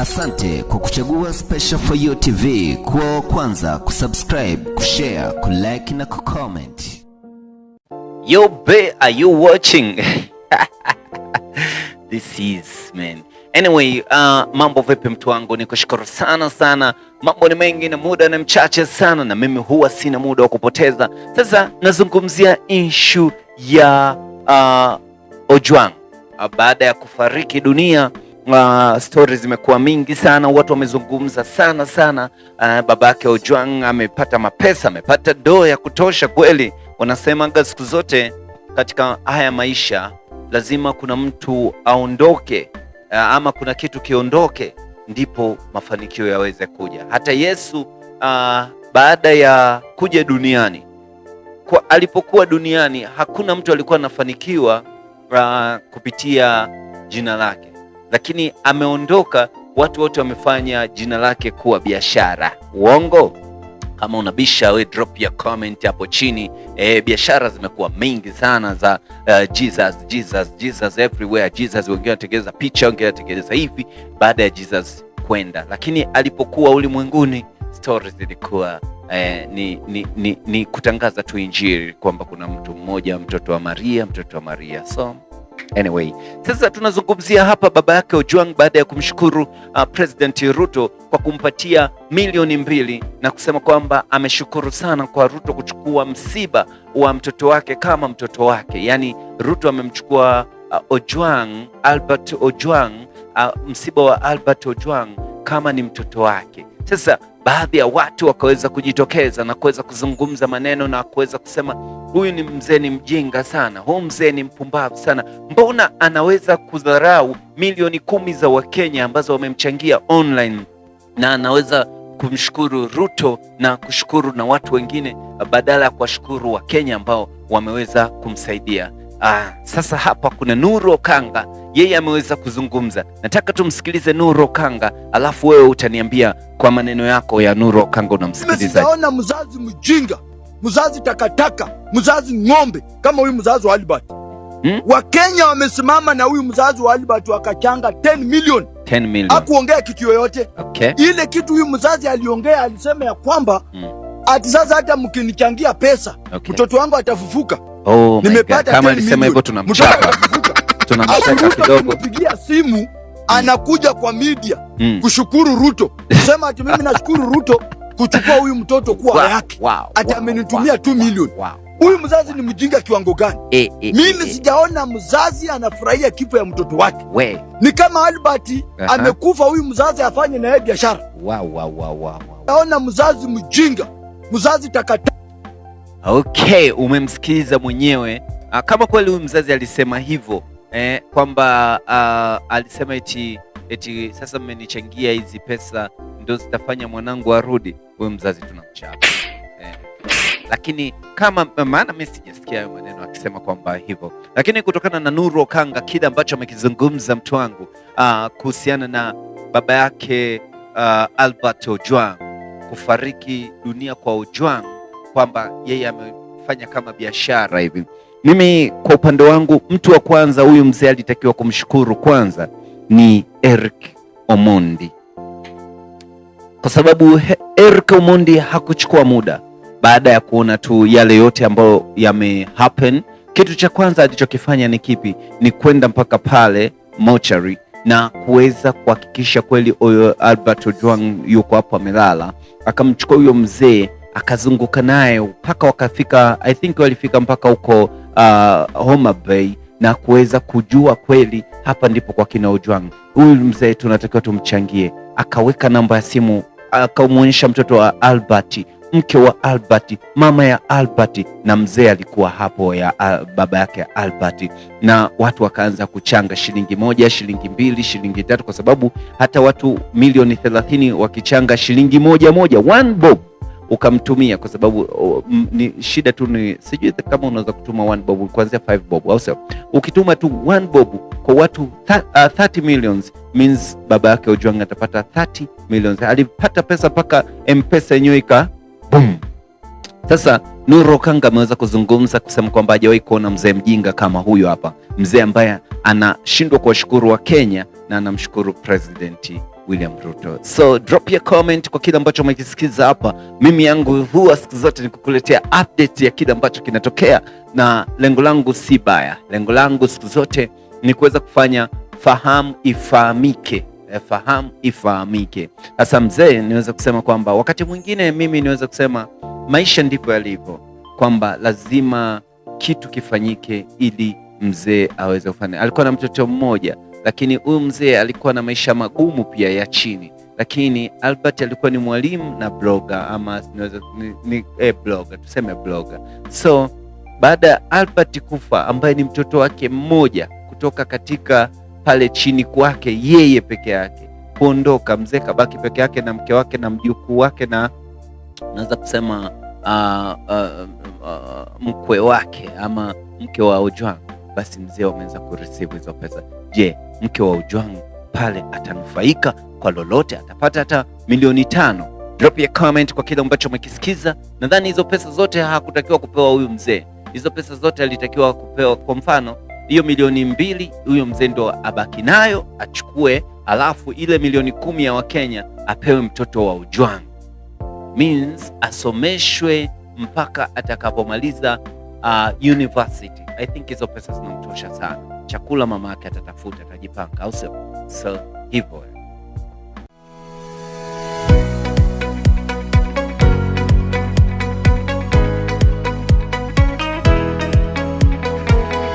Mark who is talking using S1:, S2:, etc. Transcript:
S1: Asante kwa kuchagua Special For You TV kuwa wa kwanza kusubscribe, kushare, kulike na kucomment. Yo be, are you watching? This is man. Anyway, uh, mambo vipi mtu wangu? Nikushukuru sana sana. Mambo ni mengi na muda ni mchache sana, na mimi huwa sina muda wa kupoteza. Sasa nazungumzia issue ya uh, Ojwang baada ya kufariki dunia Uh, ah, stori zimekuwa mingi sana, watu wamezungumza sana sana. Uh, ah, yake Ojwang amepata mapesa, amepata doo ya kutosha kweli. Wanasemaga siku zote katika haya maisha lazima kuna mtu aondoke, uh, ama kuna kitu kiondoke, ndipo mafanikio yaweze kuja. Hata Yesu uh, baada ya kuja duniani kwa, alipokuwa duniani hakuna mtu alikuwa anafanikiwa uh, kupitia jina lake lakini ameondoka, watu wote wamefanya jina lake kuwa biashara. Uongo? Kama unabisha we, drop ya comment hapo chini. E, biashara zimekuwa mingi sana za uh, Jesus, Jesus, Jesus everywhere Jesus. Wengine wanatengeneza picha, wengine wanatengeneza hivi baada ya Jesus kwenda, lakini alipokuwa ulimwenguni stories zilikuwa Eh, ni, ni, ni, ni kutangaza tu Injili kwamba kuna mtu mmoja mtoto wa Maria, mtoto wa Maria so Anyway, sasa tunazungumzia hapa baba yake Ojwang baada ya kumshukuru uh, President Ruto kwa kumpatia milioni mbili na kusema kwamba ameshukuru sana kwa Ruto kuchukua msiba wa mtoto wake kama mtoto wake. Yaani Ruto amemchukua uh, Ojwang Albert Ojwang uh, msiba wa Albert Ojwang kama ni mtoto wake. Sasa baadhi ya watu wakaweza kujitokeza na kuweza kuzungumza maneno na kuweza kusema huyu ni mzee, ni mjinga sana, huyu mzee ni mpumbavu sana, mbona anaweza kudharau milioni kumi za Wakenya ambazo wamemchangia online, na anaweza kumshukuru Ruto na kushukuru na watu wengine badala ya kuwashukuru Wakenya ambao wameweza kumsaidia. Ah, sasa hapa kuna Nuru Okanga, yeye ameweza kuzungumza. Nataka tumsikilize Nuru Okanga, alafu wewe utaniambia kwa maneno yako ya Nuru Okanga
S2: unamsikiliza. Sijaona mzazi mjinga mzazi takataka, mzazi ng'ombe kama huyu mzazi wa Albert hmm? Wakenya wamesimama na huyu mzazi wa Albert wakachanga 10 million. 10 million. Hakuongea kitu yoyote okay. Ile kitu huyu mzazi aliongea alisema ya kwamba hmm. Ati sasa hata mkinichangia pesa okay. Mtoto wangu atafufuka.
S1: Oh, nimepata kama alisema hivyo, tunamchapa
S2: tunamchapa kidogo, pigia simu hmm. anakuja kwa media mm. kushukuru Ruto sema ati mimi nashukuru Ruto kuchukua huyu mtoto kuwa wow, yake wow, ati amenitumia wow, 2 milioni wow, wow. Huyu mzazi ni mjinga kiwango gani? E, e, mimi e, sijaona mzazi anafurahia kifo ya mtoto wake we. Ni kama Albert uh -huh. Amekufa, huyu mzazi afanye na yeye biashara
S1: wow, wow, wow, wow.
S2: Naona mzazi mjinga, mzazi takata.
S1: Okay, umemsikiliza mwenyewe ah, kama kweli huyu mzazi alisema hivyo eh, kwamba uh, alisema eti, eti sasa mmenichangia hizi pesa ndio zitafanya mwanangu arudi, huyu mzazi tunamchapa eh. Lakini kama maana mi sijasikia hayo maneno akisema kwamba hivyo, lakini kutokana na Nuru Okanga kile ambacho amekizungumza mtu wangu ah, kuhusiana na baba yake uh, Albert Ojwang kufariki dunia kwa Ojwang kwamba yeye amefanya kama biashara hivi mimi kwa upande wangu, mtu wa kwanza huyu mzee alitakiwa kumshukuru kwanza ni Eric Omondi kwa sababu Eric Omondi hakuchukua muda baada ya kuona tu yale yote ambayo yame happen. Kitu cha kwanza alichokifanya ni kipi? Ni kwenda mpaka pale mochari na kuweza kuhakikisha kweli huyo Albert Ojwang yuko hapo amelala. Akamchukua huyo mzee akazunguka naye mpaka wakafika, I think walifika mpaka huko uh, Homa Bay na kuweza kujua kweli hapa ndipo kwa kina Ojwang, huyu mzee tunatakiwa tumchangie akaweka namba ya simu, akamwonyesha mtoto wa Albert, mke wa Albert, mama ya Albert na mzee alikuwa hapo ya baba yake ya Albert, na watu wakaanza kuchanga shilingi moja, shilingi mbili, shilingi tatu, kwa sababu hata watu milioni thelathini wakichanga shilingi moja moja, one bob ukamtumia kwa sababu o, m, ni shida tu ni sijui kama unaweza kutuma one bob kuanzia five bob, au sio? Ukituma tu one bob kwa watu tha, uh, 30 millions means baba yake Ojwang atapata 30 millions. Alipata pesa mpaka mpesa yenyewe ika boom. Sasa Nuru Okanga ameweza kuzungumza kusema kwamba hajawahi kuona mzee mjinga kama huyo hapa, mzee ambaye anashindwa kuwashukuru wa Kenya na anamshukuru President William Ruto. So drop your comment kwa kile ambacho umekisikiza hapa. Mimi yangu huwa siku zote ni kukuletea update ya kile ambacho kinatokea, na lengo langu si baya, lengo langu siku zote ni kuweza kufanya fahamu ifahamike eh, fahamu ifahamike. Sasa mzee, niweza kusema kwamba wakati mwingine mimi niweza kusema maisha ndipo yalivyo, kwamba lazima kitu kifanyike ili mzee aweze kufanya. Alikuwa na mtoto mmoja, lakini huyu mzee alikuwa na maisha magumu pia ya chini, lakini Albert alikuwa ni mwalimu na bloga ama niweza, ni, ni, eh, bloga tuseme bloga. So baada ya Albert kufa ambaye ni mtoto wake mmoja kutoka katika pale chini kwake yeye peke yake kuondoka. Mzee kabaki peke yake na mke wake na mjukuu wake na naweza kusema uh, uh, uh, mkwe wake ama mke wa Ojwang. Basi mzee wameweza kureceive hizo pesa. Je, mke wa Ojwang pale atanufaika kwa lolote? Atapata hata milioni tano? Drop comment kwa kile ambacho umekisikiza. Nadhani hizo pesa zote hakutakiwa kupewa huyu mzee, hizo pesa zote alitakiwa kupewa, kwa mfano hiyo milioni mbili huyo mzee ndo abaki nayo achukue, alafu ile milioni kumi ya Wakenya apewe mtoto wa Ujwang means asomeshwe mpaka atakapomaliza uh, university. I think hizo pesa zinamtosha sana. Chakula mama yake atatafuta, atajipanga, au sio? So hivyo